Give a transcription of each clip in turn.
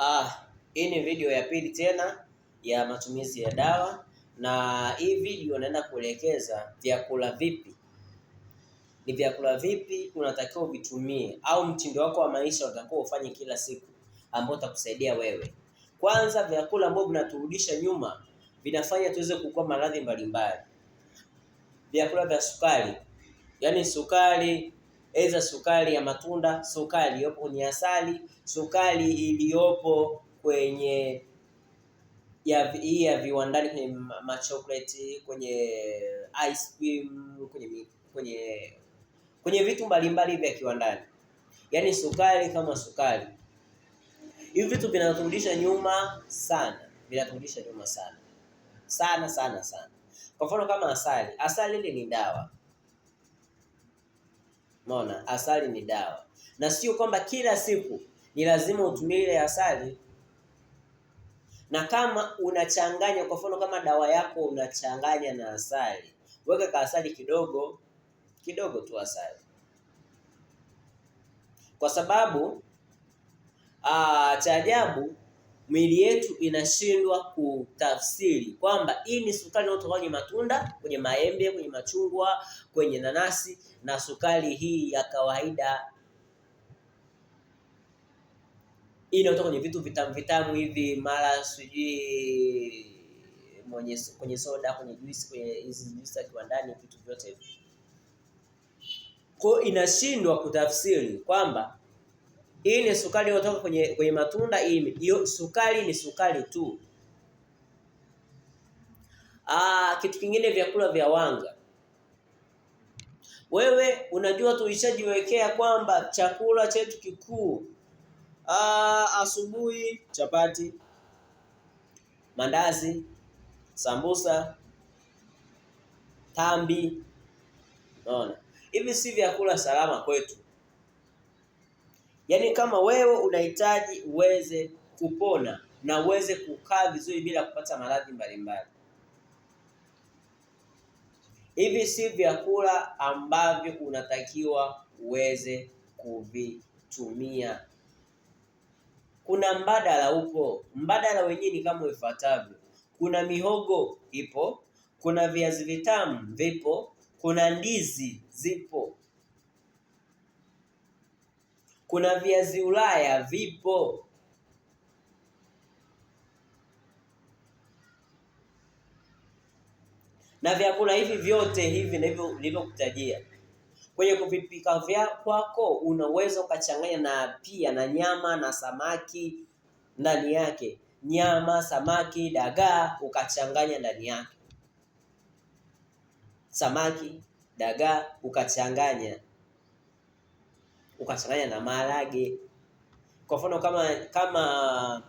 Ah, hii ni video ya pili tena ya matumizi ya dawa, na hii video naenda kuelekeza vyakula vipi, ni vyakula vipi unatakiwa vitumie, au mtindo wako wa maisha unatakiwa ufanye kila siku, ambao utakusaidia wewe. Kwanza, vyakula ambavyo vinaturudisha nyuma, vinafanya tuweze kukua maradhi mbalimbali, vyakula vya sukari, yaani sukari eza sukari ya matunda, sukari iliyopo kwenye asali, sukari iliyopo kwenye ya hii ya viwandani kwenye machokoleti, kwenye ice cream, kwenye kwenye kwenye vitu mbalimbali vya kiwandani, yaani sukari kama sukari. Hivi vitu vinaturudisha nyuma sana, vinaturudisha nyuma sana sana sana sana. Kwa mfano kama asali, asali ile ni dawa maona asali ni dawa, na sio kwamba kila siku ni lazima utumie ile asali. Na kama unachanganya, kwa mfano kama dawa yako unachanganya na asali, weka ka asali kidogo kidogo tu asali, kwa sababu cha ajabu mwili yetu inashindwa kutafsiri kwamba hii ni sukari inayotoka kwenye matunda, kwenye maembe, kwenye machungwa, kwenye nanasi na sukari hii ya kawaida hii inayotoka kwenye vitu vitamu vitamu hivi, mara sijui mwenye kwenye soda, kwenye juisi, kwenye hizi juisi za kiwandani, vitu vyote hivi, kwa hiyo inashindwa kutafsiri kwamba hii ni sukari inayotoka kwenye kwenye matunda hiyo sukari ni sukari tu. ah kitu kingine vyakula vya wanga. Wewe unajua tulishajiwekea kwamba chakula chetu kikuu ah, asubuhi chapati, mandazi, sambusa, tambi. Unaona? Hivi si vyakula salama kwetu. Yaani kama wewe unahitaji uweze kupona na uweze kukaa vizuri bila kupata maradhi mbalimbali. Hivi si vyakula ambavyo unatakiwa uweze kuvitumia. Kuna mbadala upo. Mbadala wenyewe ni kama ifuatavyo: kuna mihogo ipo, kuna viazi vitamu vipo, kuna ndizi zipo. kuna viazi Ulaya vipo. Na vyakula hivi vyote hivi nilivyokutajia kwenye kuvipika vya kwako, unaweza ukachanganya na pia na nyama na samaki ndani yake, nyama, samaki, dagaa, ukachanganya ndani yake, samaki, dagaa, ukachanganya ukachanganya na maharage. Kwa mfano kama kama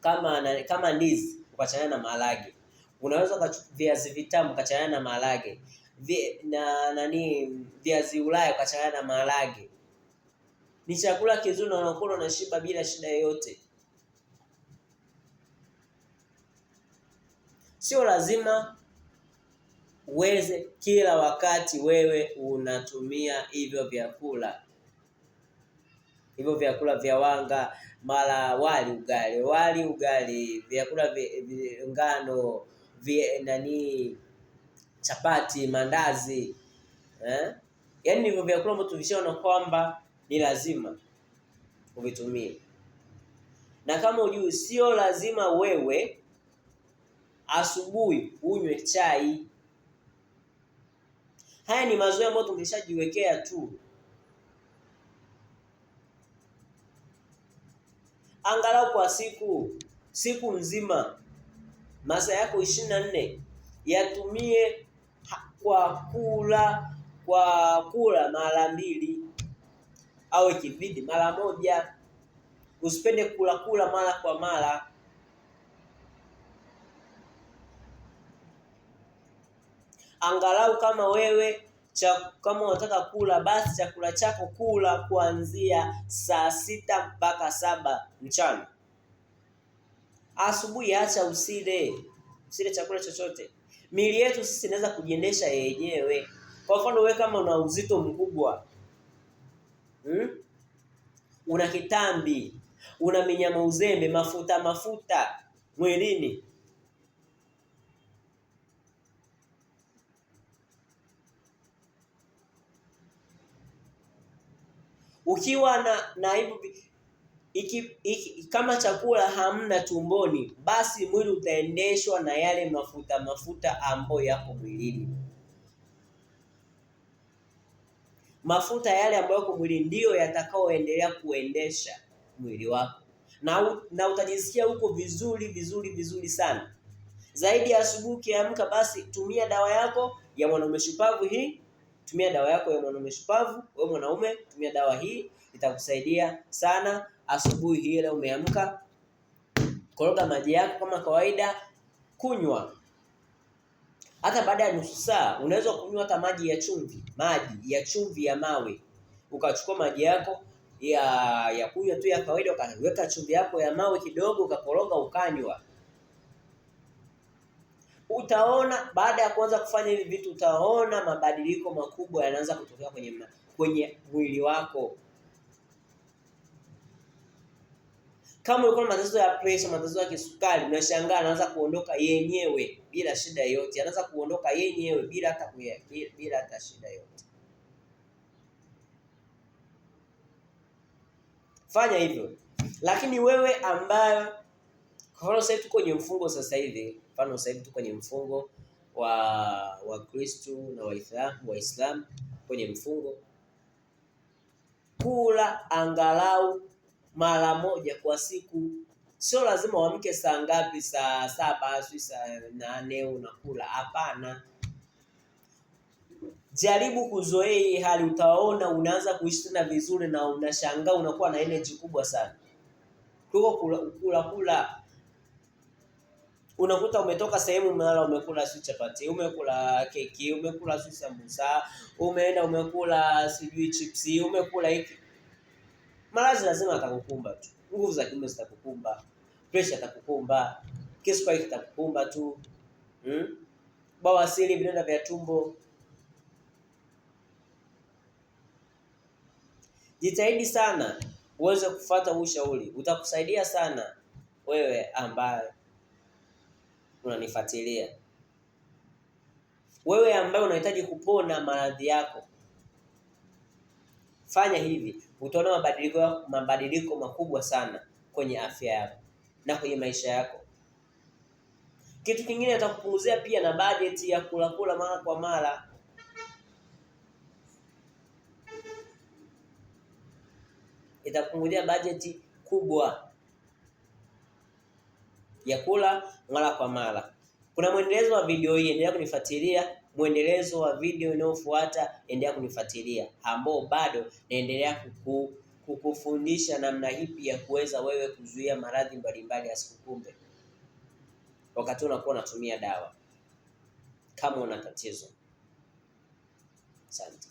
kama na, kama ndizi ukachanganya na maharage, unaweza viazi vitamu ukachanganya na maharage na nani viazi Ulaya ukachanganya na maharage. Ni chakula kizuri na unakula unashiba bila shida yoyote. Sio lazima uweze kila wakati wewe unatumia hivyo vyakula hivyo vyakula vya wanga, mara wali ugali, wali ugali, vyakula ngano vya nani, chapati, mandazi eh? Yaani hivyo vyakula ambavyo tulishaona kwamba ni lazima uvitumie, na kama ujui, sio lazima wewe asubuhi unywe chai Haya ni mazoea ambayo tumeshajiwekea tu. Angalau kwa siku siku nzima masaa yako 24 yatumie kwa kula kwa kula mara mbili au ikibidi mara moja. Usipende kula kula mara kwa mara. angalau kama wewe cha, kama unataka kula basi chakula chako kula kuanzia saa sita mpaka saba mchana. Asubuhi acha usile, usile chakula chochote. Mili yetu sisi inaweza kujiendesha yenyewe. Kwa mfano wewe kama una uzito mkubwa hmm? una kitambi, una minyama uzembe, mafuta mafuta mwilini Ukiwa na na hivyo iki, iki, kama chakula hamna tumboni, basi mwili utaendeshwa na yale mafuta mafuta ambayo yako mwilini. Mafuta yale ambayo yako mwilini ndiyo yatakaoendelea kuendesha mwili wako na, na utajisikia huko vizuri vizuri vizuri sana zaidi. Asubuhi ukiamka, basi tumia dawa yako ya mwanaume shupavu hii tumia dawa yako ya mwanaume shupavu. Wewe mwanaume, tumia dawa hii, itakusaidia sana. Asubuhi hii leo umeamka, koroga maji yako kama kawaida, kunywa hata baada ya nusu saa. Unaweza kunywa hata maji ya chumvi, maji ya chumvi ya mawe, ukachukua maji yako ya ya kunywa tu ya kawaida, ukaweka chumvi yako ya mawe kidogo, ukakoroga, ukanywa utaona baada ya kuanza kufanya hivi vitu, utaona mabadiliko makubwa yanaanza kutokea kwenye kwenye mwili wako. Kama ulikuwa na matatizo ya presha, matatizo ya kisukari, unashangaa anaanza kuondoka yenyewe bila shida yoyote, anaanza kuondoka yenyewe bila hata bila hata shida yoyote. Fanya hivyo, lakini wewe ambayo tuko kwenye mfungo sasa hivi mfano sasa hivi tu kwenye mfungo wa Wakristu na Waislamu, Waislamu kwenye mfungo kula angalau mara moja kwa siku. Sio lazima uamke saa ngapi, saa saba sijui saa nane unakula. Hapana, jaribu kuzoea hii hali, utaona unaanza kuishi tena vizuri na unashangaa unakuwa na energy kubwa sana kuliko kula kula, kula unakuta umetoka sehemu mara umekula si chapati, umekula keki, umekula si sambusa, umeenda umekula sijui chipsi, umekula hiki. Maradhi lazima atakukumba tu, nguvu za kiume zitakukumba, presha atakukumba, kisukari kitakukumba tu hmm? Bawasiri, vidonda vya tumbo. Jitahidi sana uweze kufuata ushauri, utakusaidia sana wewe ambaye unanifuatilia. Wewe ambaye unahitaji kupona maradhi yako, fanya hivi, utaona mabadiliko mabadiliko makubwa sana kwenye afya yako na kwenye maisha yako. Kitu kingine atakupunguzia pia na bajeti ya kula kula mara kwa mara. Itakupunguzia bajeti kubwa ya kula mara kwa mara. Kuna mwendelezo wa video hii, endelea kunifuatilia. Mwendelezo wa video inayofuata, endelea kunifuatilia, ambao bado naendelea kuku kukufundisha namna hipi ya kuweza wewe kuzuia maradhi mbalimbali yasikukumbe wakati unakuwa unatumia dawa, kama una tatizo. Asante.